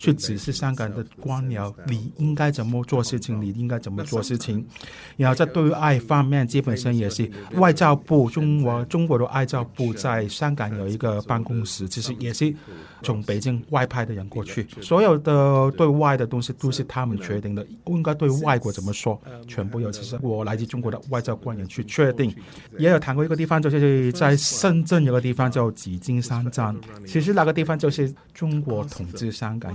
去指示香港的官僚，你應該怎麼做事情，你應該怎麼做事情。然後在對外方面，基本上也是外交部中國中國的外交部在香港有一個辦公室，其實也是從北京外派的人過去。所有的對外的東西都是他們決定的，應該對外國怎麼說，全部由其實我來自中國的外交官員去確定。也有談過一個地方，就是在深圳有個地方叫紫荊山莊，其實那個地方就是中國統治香港，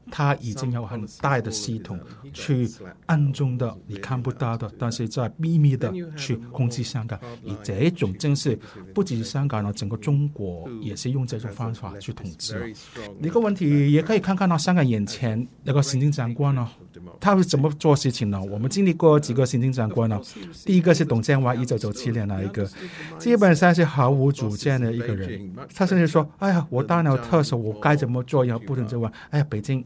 他已經有很大的系統去暗中的你看不到的，但是在秘密的去控制香港。而這種正是不只香港咯，整個中國也是用這種方法去統治。一個問題也可以看看、啊，那香港眼前那個行政長官呢，他是怎麼做事情呢？我們經歷過幾個行政長官呢？第一個是董建華，一九九七年那一個基本上是毫無主見的一個人。他甚至說：哎呀，我當了特首，我該怎麼做？要不能之外，哎呀，北京。